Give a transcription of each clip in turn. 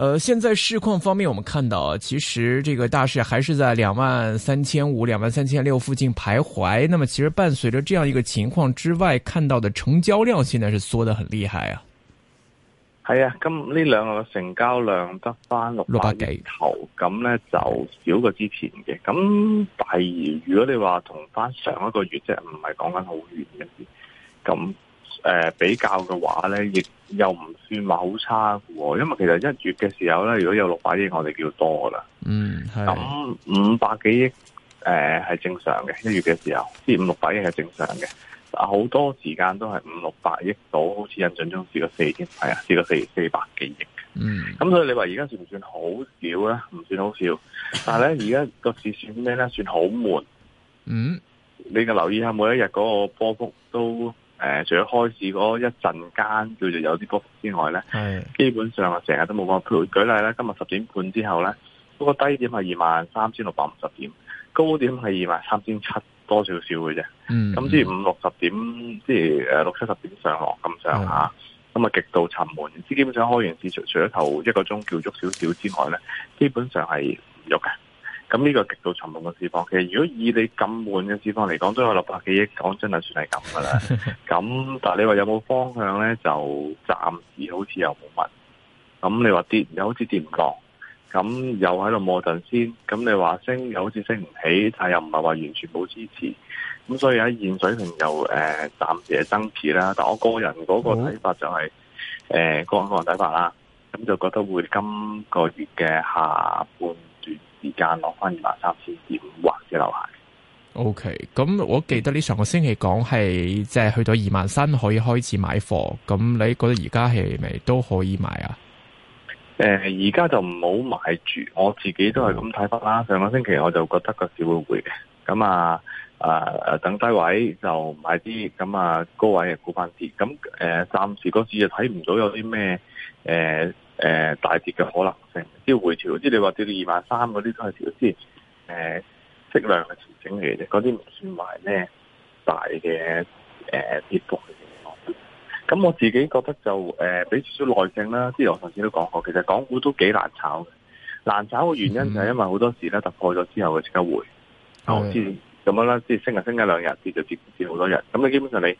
呃，現在市況方面，我們看到其實這個大市還是在兩萬三千五、兩萬三千六附近徘徊。那麼其實伴隨着這樣一個情況之外，看到的成交量現在是縮得很厲害啊。係啊，咁呢兩個成交量得返六百億頭，咁、嗯、咧就少過之前嘅。咁第二，如果你話同返上一個月即係，唔係講緊好遠嘅，咁。誒、呃，比較嘅話咧，亦又唔算話好差喎，因為其實一月嘅時候咧，如果有六百億，我哋叫多啦。嗯，咁五百幾億誒係正常嘅，一月嘅時候，即五六百億係正常嘅。好多時間都係五六百億到，好似印象中試過四億，係啊，試過四四百幾億。嗯，咁所以你話而家算唔算好少咧？唔算好少，但係咧而家個市算咩咧？算好悶。嗯，你咪留意下每一日嗰個波幅都。誒、呃，除咗開市嗰一陣間叫做有啲谷之外咧，基本上啊成日都冇乜講。譬如舉例咧，今日十點半之後咧，嗰、那個低點係二萬三千六百五十點，高點係二萬三千七多少少嘅啫。咁即係五六十點，即係六七十點上落咁上下，咁啊、嗯、極度沉悶。即基本上開完市除除咗頭一個鐘叫喐少少之外咧，基本上係唔喐嘅。咁呢個極度沉悶嘅市況，其實如果以你咁悶嘅市況嚟講，都有六百幾億講，真係算係咁噶啦。咁但你話有冇方向咧？就暫時好似又冇乜。咁你話跌又好似跌唔落，咁又喺度磨陣先。咁你話升又好似升唔起，但又唔係話完全冇支持。咁所以喺現水平又、呃、暫時係爭持啦。但我個人嗰個睇法就係、是、誒、呃、個人個睇法啦。咁就覺得會今個月嘅下半。時間落翻二萬三千點或者樓下。O K，咁我記得你上個星期講係即係去到二萬三可以開始買貨，咁你覺得而家係咪都可以買啊？誒、呃，而家就唔好買住，我自己都係咁睇法啦、哦。上個星期我就覺得個市會會嘅，咁啊啊等低位就買啲，咁啊高位嘅股份跌，咁誒暫時個市就又睇唔到有啲咩。誒、呃、誒、呃，大跌嘅可能性，只要回調，即係你話跌到二萬三嗰啲都係調，即係誒適量嘅調整嚟嘅嗰啲唔算埋咩大嘅誒跌幅嘅情況。咁、呃、我自己覺得就誒俾少少耐性啦，即係我上次都講過，其實港股都幾難炒嘅。難炒嘅原因就係因為好多時咧突破咗之後佢即刻回，我知咁樣啦，即係升啊升一兩日跌就跌跌好多日。咁你基本上你。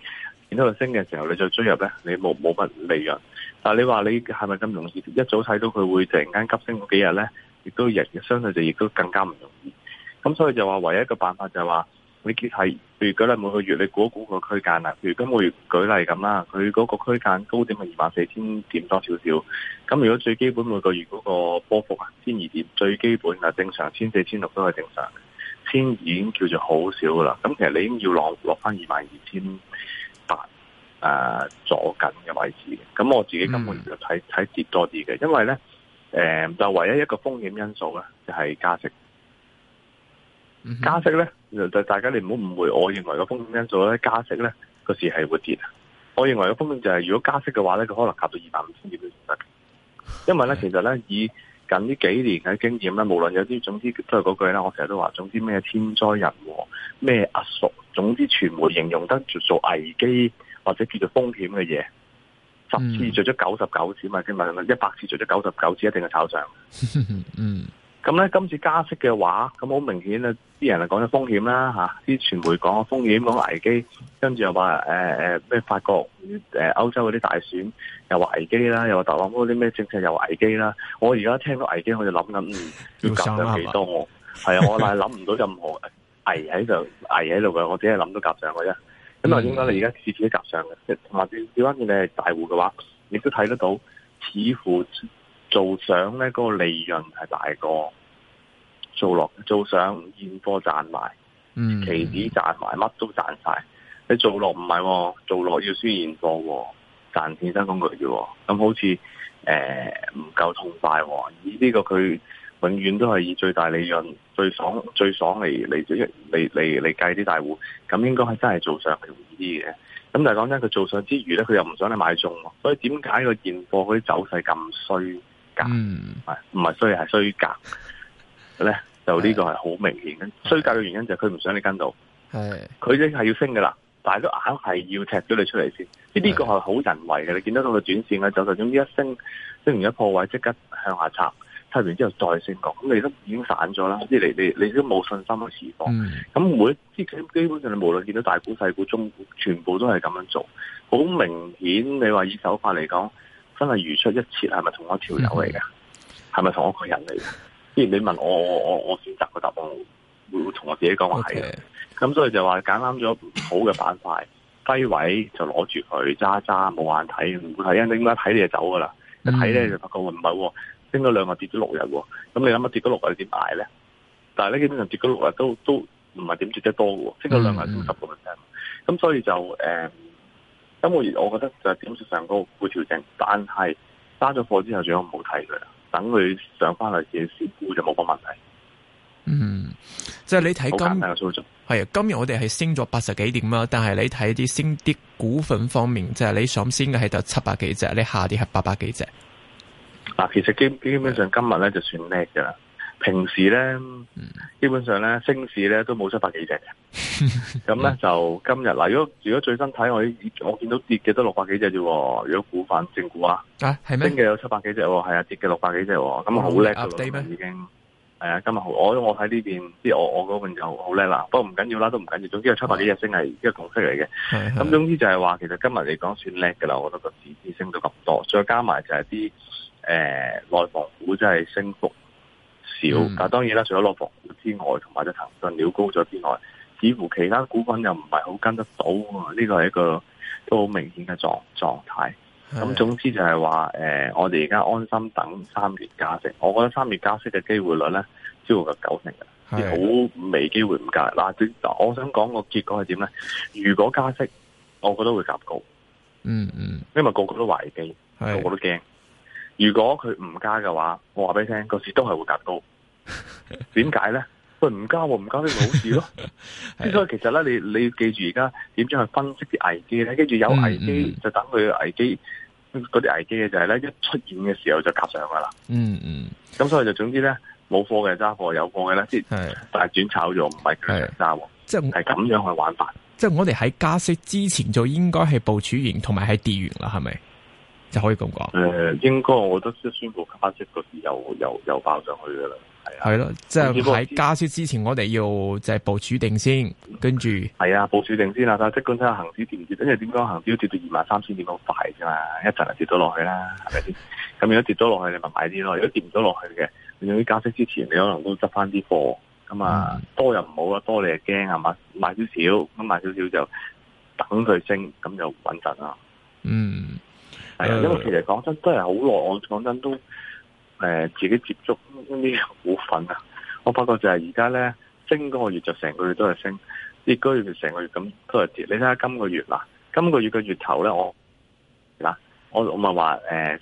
然後升嘅時候，你再追入咧，你冇冇乜利潤。但係你話你係咪咁容易一早睇到佢會突然間急升嗰幾日咧？亦都日日相對就亦都更加唔容易。咁所以就話唯一嘅辦法就係、是、話你係，譬如舉例每個月你估估個區間啊，譬如今個月舉例咁啦，佢嗰個區間高點係二萬四千點多少少。咁如果最基本每個月嗰個波幅啊千二點，最基本啊正常千四千六都係正常，千二已經叫做好少噶啦。咁其實你已經要落落翻二萬二千。八、嗯、啊，坐緊嘅位置嘅。咁我自己根本就睇睇跌多啲嘅，因為咧，誒就唯一一個風險因素咧，就係、是、加息。加息咧，就大家你唔好誤會，我認為個風險因素咧，加息咧個市係會跌。我認為個風險就係、是、如果加息嘅話咧，佢可能夾到二百五千點都唔得，因為咧，其實咧以。近呢幾年嘅經驗啦，無論有啲，總之都係嗰句啦。我成日都話，總之咩天災人禍，咩壓縮，總之傳媒形容得做做危機或者叫做風險嘅嘢，十次著咗九十九次嘛，即係一百次著咗九十九次一定係炒上。 嗯。咁咧今次加息嘅話，咁好明顯啊！啲人嚟講咗風險啦吓，啲傳媒講風險，講危機，跟住又話誒誒咩法國誒、呃、歐洲嗰啲大選又話危機啦，又話特朗普啲咩政策又危機啦。我而家聽到危機，我就諗緊要夾咗幾多？我係啊，我但係諗唔到任何危喺度，危喺度嘅，我只係諗到夾上去啫。咁、嗯、啊，點解你而家次次都夾上嘅？或者只關鍵你係大戶嘅話，你都睇得到，似乎。做上呢、嗰個利潤係大過做落，做上現貨賺埋，期指賺埋，乜都賺曬。你做落唔係喎，做落要輸現貨喎、哦，賺錢得工具啫喎。咁好似誒唔夠痛快喎、哦，呢個佢永遠都係以最大利潤、最爽、最爽嚟嚟嚟嚟嚟計啲大戶。咁應該係真係做上容易啲嘅。咁但係講真，佢做上之餘呢，佢又唔想你買中，所以點解佢現貨嗰啲走勢咁衰？嗯，唔係，唔係衰係衰格咧， 就呢個係好明顯。衰格嘅原因就係佢唔想你跟到，佢已經係要升㗎啦，但係都硬係要踢咗你出嚟先。呢個係好人為嘅，你見得到個轉線啊，就就中，一升，升完一破位即刻向下插，插完之後再升落，咁你都已經散咗啦。即係你你你都冇信心去持貨，咁每啲基、嗯、基本上，你無論見到大股、細股、中股，全部都係咁樣做，好明顯。你話以手法嚟講。真係如出一轍，係咪同一條友嚟㗎？係、mm、咪 -hmm. 同一個人嚟？既然你問我，我我我選擇個答案，我會會同我自己講話係嘅。咁、okay. 所以就話揀啱咗好嘅板塊，低位就攞住佢揸揸，冇眼睇，唔會睇因你點解睇你就走㗎啦？Mm -hmm. 一睇咧就發覺唔係喎，升咗兩日跌咗六日喎。咁你諗下跌咗六日點賣咧？但係咧基本上跌咗六日都都唔係點跌得多嘅喎，升咗兩日跌咗十個 percent。咁所以就誒。嗯。咁我我覺得就係點數上高會調整，但係打咗貨之後，最好唔好睇佢啦。等佢上翻嚟見市估就冇個問題。嗯，即係你睇今，係啊，今日我哋係升咗八十幾點啦。但係你睇啲升啲股份方面，即係你上先嘅係得七百幾隻，你下啲係八百幾隻。嗱，其實基基本上今日咧就算叻噶啦。平時咧，基本上咧，升市咧都冇七百幾隻嘅，咁 咧就今日嗱，如果如果最新睇我，我見到跌嘅都六百幾隻啫，如果股份正股啊，係咩？升嘅有七百幾隻，係啊跌嘅六百幾隻，咁啊好叻噶啦，已經係啊，今日好，我我喺呢邊，即我我嗰邊就好叻啦，不過唔緊要啦，都唔緊要，總之有七百幾隻升係一個共識嚟嘅。咁總之就係話其實今日嚟講算叻噶啦，我覺得個指指升到咁多，再加埋就係啲誒內房股真係升幅。少、嗯，當然啦，除咗落房股之外，同埋隻騰訊料高咗之外，似乎其他股份又唔係好跟得到。呢個係一個都好明顯嘅狀狀態。咁總之就係話，誒、呃，我哋而家安心等三月加息。我覺得三月加息嘅機會率咧，超過九成嘅，好微機會唔加。嗱，我想講個結果係點咧？如果加息，我覺得會夾高。嗯嗯，因為個個都懷疑，個個都驚。如果佢唔加嘅話，我話俾你聽，個市都係會夾高。點解咧？佢唔加，唔加呢個好事咯。 所以其實咧，你你要記住而家點樣去分析啲危機咧？跟住有危機、嗯嗯、就等佢危機嗰啲危機嘅就係咧，一出現嘅時候就夾上去噶啦。嗯嗯。咁所以就總之咧，冇貨嘅揸貨，有貨嘅咧即係大轉炒咗，唔係佢揸。即係係咁樣去玩法。即係我哋喺加息之前就應該係部署完，同埋係跌完啦，係咪？就可以咁講。誒、呃，應該我覺得一宣布加息嗰時有，又又又爆上去噶啦。係咯，即係喺加息之前，我哋要就係部署定先，跟住係啊，部署定先啦。但係即管睇下行市跌唔跌，因為點解，行市跌到二萬三千點咁快啫嘛，一陣就跌咗落去啦，係咪先？咁 如果跌咗落去，你咪買啲咯。如果跌唔咗落去嘅，你喺加息之前，你可能都執翻啲貨。咁啊，多又唔好啊，多你又驚啊，買買少少，咁買少少就等佢升，咁就穩陣啦。嗯，係、呃、啊，因為其實講真，真係好耐，我講真都。誒自己接觸呢啲股份啊，我發覺就係而家咧，升個月就成個月都係升，跌嗰個月就成個月咁都係跌。你睇下今個月嗱，今個月嘅月頭咧，我嗱我我咪話誒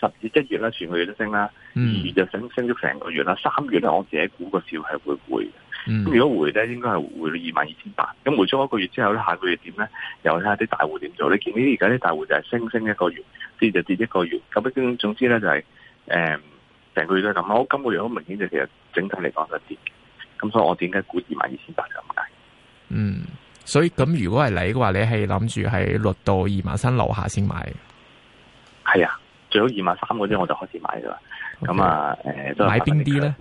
十二十一月咧，全個月都升啦，二月就升升咗成個月啦，三月咧我自己估個兆係會回。咁如果回咧，應該係回到二萬二千八。咁回咗一個月之後咧，下個月點咧？又睇下啲大戶點做。你見呢，而家啲大戶就係升升一個月。跌就跌一個月，咁啊，總之咧就係誒成個月都係咁。我今個月好明顯就其實整體嚟講就跌，咁所以我點解估二萬二千八咁解？嗯，所以咁如果係你嘅話，你係諗住喺落到二萬三樓下先買？係啊，最好二萬三嗰啲我就開始買噶啦。咁、okay, 啊，誒，都買邊啲咧？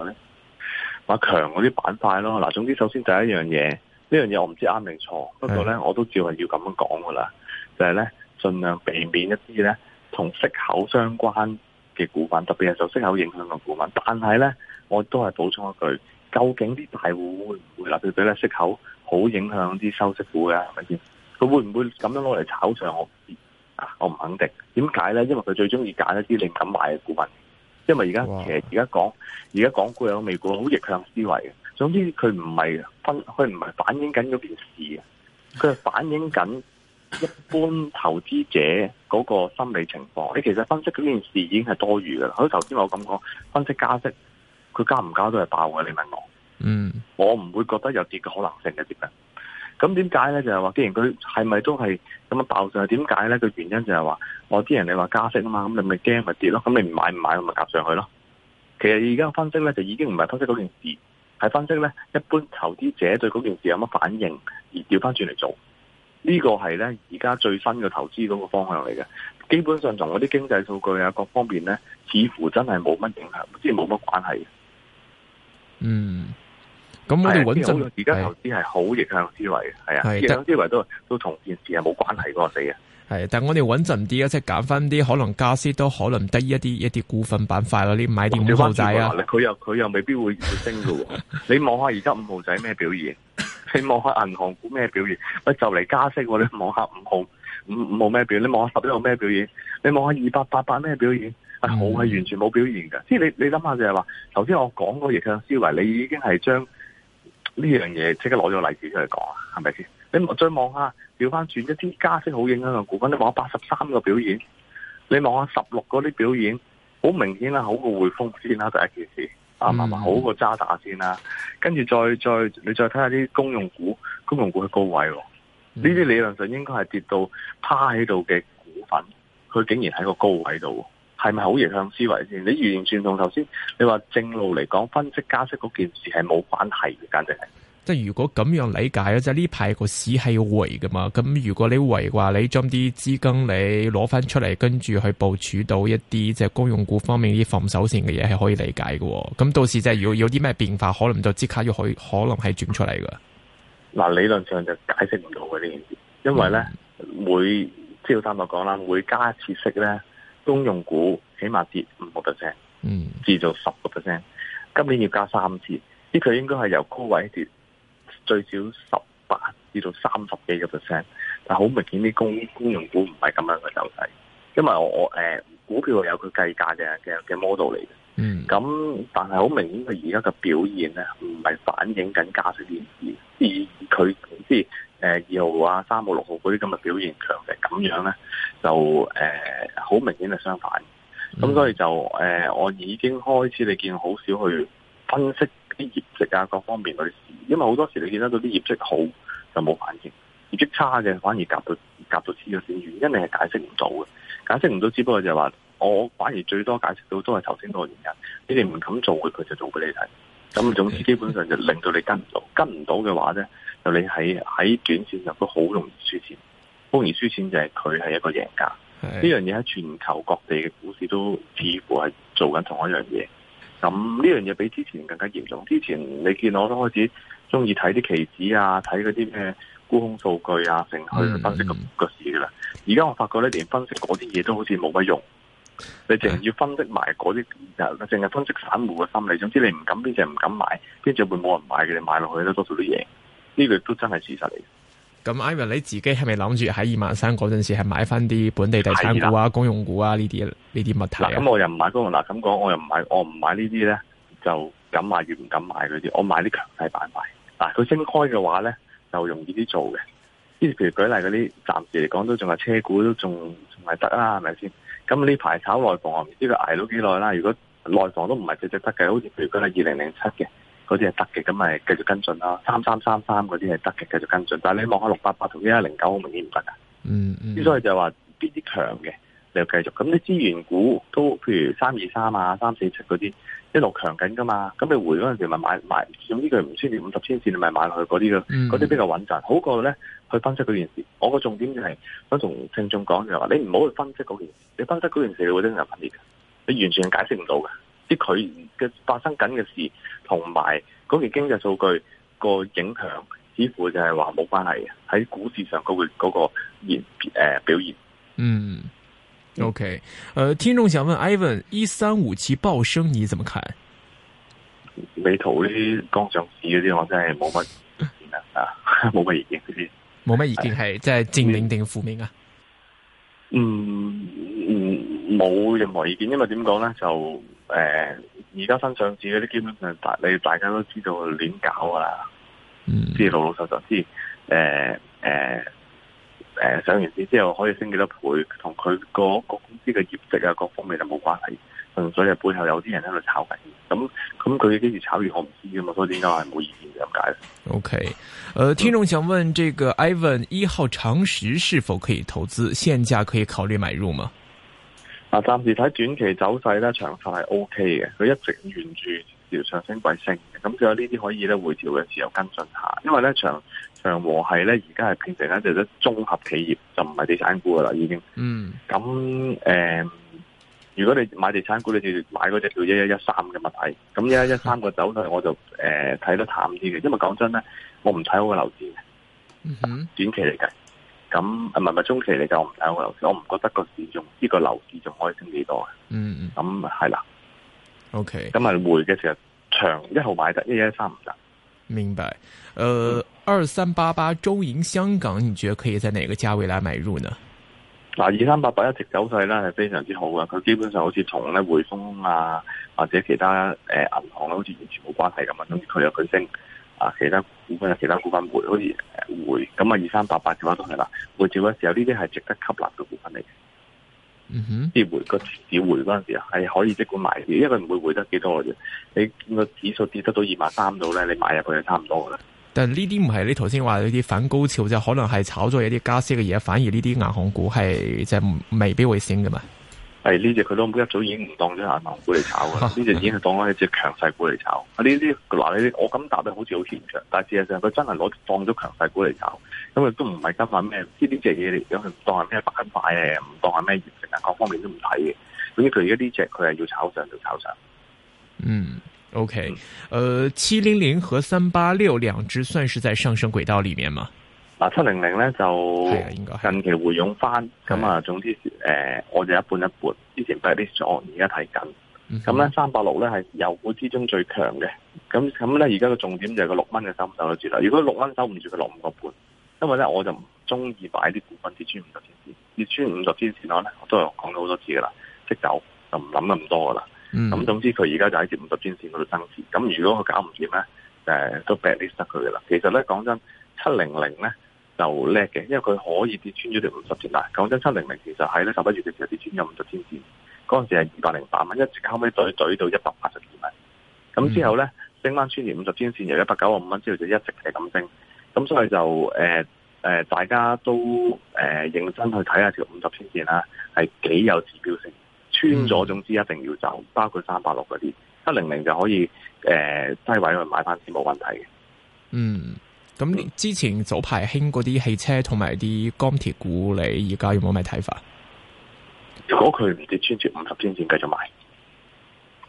買強嗰啲板塊咯。嗱，總之首先第一樣嘢呢樣嘢我唔知啱定錯，不過咧我都照係要咁樣講噶啦，就係咧盡量避免一啲咧。同息口相關嘅股份，特別係受息口影響嘅股份，但係咧，我都係補充一句：究竟啲大戶會唔會，啦佢佢咧，息口好影響啲收息股啊？係咪先？佢會唔會咁樣攞嚟炒上？我唔啊，我唔肯定。點解咧？因為佢最中意揀一啲你唔敢買嘅股份，因為而家其實而家講而家講港股有美股好逆向思維嘅。總之，佢唔係分，佢唔係反映緊嗰件事，佢係反映緊。一般投資者嗰個心理情況，你其實分析嗰件事已經係多餘噶啦。好似頭先我咁講，分析加息，佢加唔加都係爆嘅。你問我，嗯，我唔會覺得有跌嘅可能性嘅，點樣？咁點解咧？就係話，既然佢係咪都係咁樣爆上，就是，上去，點解咧？個原因就係話，我知人哋話加息啊嘛，咁你咪驚咪跌咯，咁你唔買唔買，咪夾上去咯。其實而家分析咧，就已經唔係分析嗰件事，係分析咧一般投資者對嗰件事有乜反應，而調翻轉嚟做。呢個係咧而家最新嘅投資嗰個方向嚟嘅，基本上同嗰啲經濟數據啊，各方面咧，似乎真係冇乜影響，即係冇乜關係。嗯，咁我哋穩陣而家投資係好逆向思維嘅，係啊，逆向思維都是都同件事係冇關係嘅，死嘅。係，但係我哋穩陣啲啊，即係揀翻啲可能加息都可能低一啲一啲股份板塊嗰啲買啲五毫仔啊。佢又佢又未必會升嘅喎， 你望下而家五毫仔咩表現？你望下銀行股咩表現？喂、哎,就嚟加息，你望下五號五五冇咩表現？你望下十一號咩表現？你望下二八八八咩表現啊，好係完全冇表現嘅即、嗯、係你你諗下就係話，頭先我講嗰個逆向思維，你已經係將呢樣嘢即刻攞咗例子出嚟講啊，係咪先？你再望下，調翻轉一啲加息好影響嘅股份，你望下八十三個表現？你望下十六嗰啲表演，好明顯啦，好過匯豐先啦，第一件事。啊、嗯，慢慢好個渣打先啦，跟住再再，你再睇下啲公用股，公用股喺高位喎。呢啲理論上應該係跌到趴喺度嘅股份，佢竟然喺個高位度，係咪好逆向思維先？你完全同頭先你話正路嚟講分析加息嗰件事係冇關係嘅，簡直係。即係如果咁樣理解咧，即係呢排個市係要回噶嘛。咁如果你回嘅話，你將啲資金你攞翻出嚟，跟住去部署到一啲即係公用股方面啲防守性嘅嘢，係可以理解嘅。咁到時即係如果有啲咩變化，可能就即刻要可以可能係轉出嚟㗎。嗱，理論上就解釋唔到嘅呢件事，因為咧每即要、嗯、我啱講啦，每加一次息咧，公用股起碼跌五個 percent，嗯，至到十個 percent。今年要加三次，呢佢應該係由高位跌。最少十八至到三十幾個 percent，但好明顯啲公公、公用股唔係咁樣嘅走勢，因為我我、呃、股票有佢計價嘅嘅嘅 model 嚟嘅。嗯、mm.，咁但係好明顯佢而家嘅表現咧唔係反映緊價值變異，而佢總之誒二號啊三號六號嗰啲咁嘅表現強嘅咁樣咧，就誒好、呃、明顯係相反，咁、mm. 所以就誒、呃、我已經開始你見好少去分析啲業績啊，各方面嗰啲事，因為好多時你見得到啲業績好就冇反應，業績差嘅反而夾到夾到黐咗線，原因你係解釋唔到嘅，解釋唔到，只不過就係話我反而最多解釋到都係頭先嗰個原因，你哋唔敢做嘅佢就做俾你睇，咁總之基本上就令到你跟唔到，跟唔到嘅話咧，就你喺喺短線入都好容易輸錢，好容易輸錢就係佢係一個贏家，呢樣嘢喺全球各地嘅股市都似乎係做緊同一樣嘢。咁呢樣嘢比之前更加嚴重。之前你見我都開始中意睇啲期指啊，睇嗰啲咩沽空數據啊，成去分析個市噶啦。而家，Mm-hmm. 我發覺咧，連分析嗰啲嘢都好似冇乜用。你淨係要分析埋嗰啲，就淨係分析散戶嘅心理。總之你唔敢邊隻唔敢買，邊隻會冇人買嘅。你買落去咧，多數都贏。呢個都真係事實嚟。咁 Ivan 你自己係咪諗住喺二萬三嗰陣時係買翻啲本地地產股啊、公用股啊呢啲呢啲物體啊？咁我又唔買公用，嗱咁講我又唔買，我唔買呢啲咧，就敢買越唔敢買嗰啲，我買啲強勢板塊。嗱，佢升開嘅話咧，就容易啲做嘅。即係譬如舉例嗰啲，暫時嚟講都仲係車股都仲仲係得啦，係咪先？咁呢排炒內房，唔知佢挨到幾耐啦。如果內房都唔係值值得嘅，好似譬如佢係二零零七嘅。嗰啲係得嘅，咁咪繼續跟進啦。三三三三嗰啲係得嘅，繼續跟進。但係你望下六八八同一零九，明顯唔得啊。嗯、mm、-hmm. 之所以就話邊啲強嘅，你又繼續。咁你資源股都譬如三二三啊、三四七嗰啲，一路強緊噶嘛。咁你回嗰陣時咪買買，用呢個唔穿五十天線，你咪買落去嗰啲咯。嗰啲比較穩陣，好過咧去分析嗰件事。我個重點就係想同聽眾講就係話，你唔好去分析嗰件，你分析嗰件事，你會令人分裂，你完全解釋唔到嘅。佢嘅發生緊嘅事，同埋嗰件經濟數據個影響，似乎就係話冇關係喺股市上嗰、嗰個、嗰個現誒、呃、表現，嗯，OK，誒、呃，聽眾想問 Ivan 一三五七爆升，你怎麼睇？美圖呢啲剛上市嗰啲，我真係冇乜啊，冇乜意見啲，冇 乜意見係即係正面定負面啊？嗯 嗯，冇任何意見，因為點講咧就。誒，而家新上市嗰啲基本上，大你大家都知道亂搞啊，即係老老實實，即係誒誒誒，上完市之後可以升幾多倍，同佢嗰個公司嘅業績啊，各方面就冇關係。嗯，所以背後有啲人喺度炒緊，咁咁佢幾時炒完，我唔知噶嘛，所以點解係冇意見咁解？OK，誒，聽眾想問這個 Ivan 一號長時是否可以投資？現價可以考慮買入嗎？暫時睇短期走勢咧，長線係 O K 嘅，佢一直沿住條上升軌升嘅。咁佢有呢啲可以咧回調嘅時候跟進下，因為咧長和係咧而家係變成一隻咧綜合企業，就唔係地產股噶啦已經。嗯。咁、呃、誒，如果你買地產股，你就買嗰隻叫一一一三嘅物體。咁一一一三個走勢我就睇、呃、得淡啲嘅，因為講真咧，我唔睇好個樓市嘅。嗯哼。短期嚟計。咁啊，係咪中期你就唔睇我樓市，我唔覺得市個市仲呢個樓市仲可以升幾多嘅。嗯嗯，咁係啦。OK，咁啊，匯、okay. 嘅時候長一號買得一一三五得。明白。誒、呃，二三八八中銀香港，你覺得可以在哪個價位嚟買入呢？嗱，二三八八一直走勢咧係非常之好嘅，佢基本上好似同咧匯豐啊或者其他誒銀行咧好似完全冇關係咁啊，咁、嗯、佢有佢升。啊！其他股份有其他股份會可以回，咁啊二三八八嘅話都係啦，回住嗰時候呢啲係值得吸納嘅股份嚟嘅。嗯哼，跌回個小回嗰陣時係可以即管買，因為唔會回得幾多嘅。你個指數跌得到二萬三度咧，你買入佢就差唔多噶啦。但係呢啲唔係你頭先話有啲反高潮，就可能係炒作一啲加息嘅嘢，反而呢啲銀行股係即係未必會升噶嘛。係呢隻佢都一早已經唔當咗銀行股嚟炒嘅，呢隻已經係當咗一隻強勢股嚟炒。啊呢啲嗱呢啲我咁答得好似好牽強嘅，但係事實上佢真係攞當咗強勢股嚟炒，咁啊都唔係急話咩？呢啲隻嘢嚟，咁佢唔當係咩板塊唔當係咩完成啊，各方面都唔睇嘅。總之佢而家呢隻佢係要炒上就炒上。嗯，OK，誒，七零零和三八六兩隻算是在上升軌道裏面嘛？嗯嗱七零零咧就近期回勇翻，咁啊總之誒、呃、我哋一半一半，之前跌啲左，而家睇緊。咁咧三百六咧係油股之中最強嘅，咁咁咧而家嘅重點就係個六蚊嘅守唔守得住啦。如果六蚊守唔住，佢落五個半，因為咧我就唔中意擺啲股份跌穿五十天線,線，跌穿五十天線我咧，我都係講咗好多次噶啦，即走就唔諗咁多噶啦。咁、嗯、總之佢而家就喺跌五十天線嗰度增持。咁如果佢搞唔掂咧，誒、呃、都 bad 跌失佢噶啦。其實咧講真，七零零咧。就叻嘅，因為佢可以跌穿咗條五十天線。講真，七零零其實喺咧十一月嘅時候跌穿咗五十天線，嗰陣時係二百零八蚊，一直後尾懟懟到一百八十幾蚊。咁之後咧升翻穿完五十天線，由一百九十五蚊之後就一直係咁升。咁所以就誒誒、呃呃，大家都誒、呃、認真去睇下條五十天線啦，係幾有指標性，穿咗，總之一定要走。包括三百六嗰啲七零零就可以誒、呃、低位去買翻先冇問題嘅。嗯。咁之前早排興嗰啲汽車同埋啲鋼鐵股，你而家有冇咩睇法？如果佢唔跌穿住五十天線，繼續買，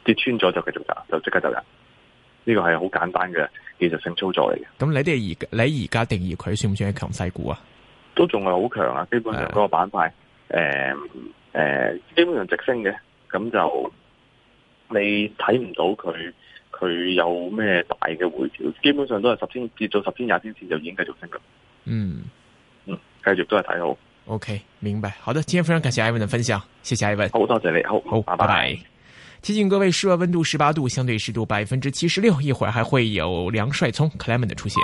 跌穿咗就繼續走，就即刻走人。呢、這個係好簡單嘅技術性操作嚟嘅。咁你哋而你而家定義佢算唔算係強勢股啊？都仲係好強啊！基本上嗰個板塊，誒、yeah. 誒、呃呃，基本上直升嘅，咁就你睇唔到佢。佢有咩大嘅回調？基本上都係十天至到十天廿天前就已經繼續升咁。嗯，嗯，繼續都係睇好。OK，明白。好的，今天非常感謝 Ivan 的分享，謝謝 Ivan。好多謝你，好，好，拜拜。拜拜。提醒各位，室外溫度十八度，相對濕度百分之七十六。一會兒還會有梁帥聰、Clement 的出現。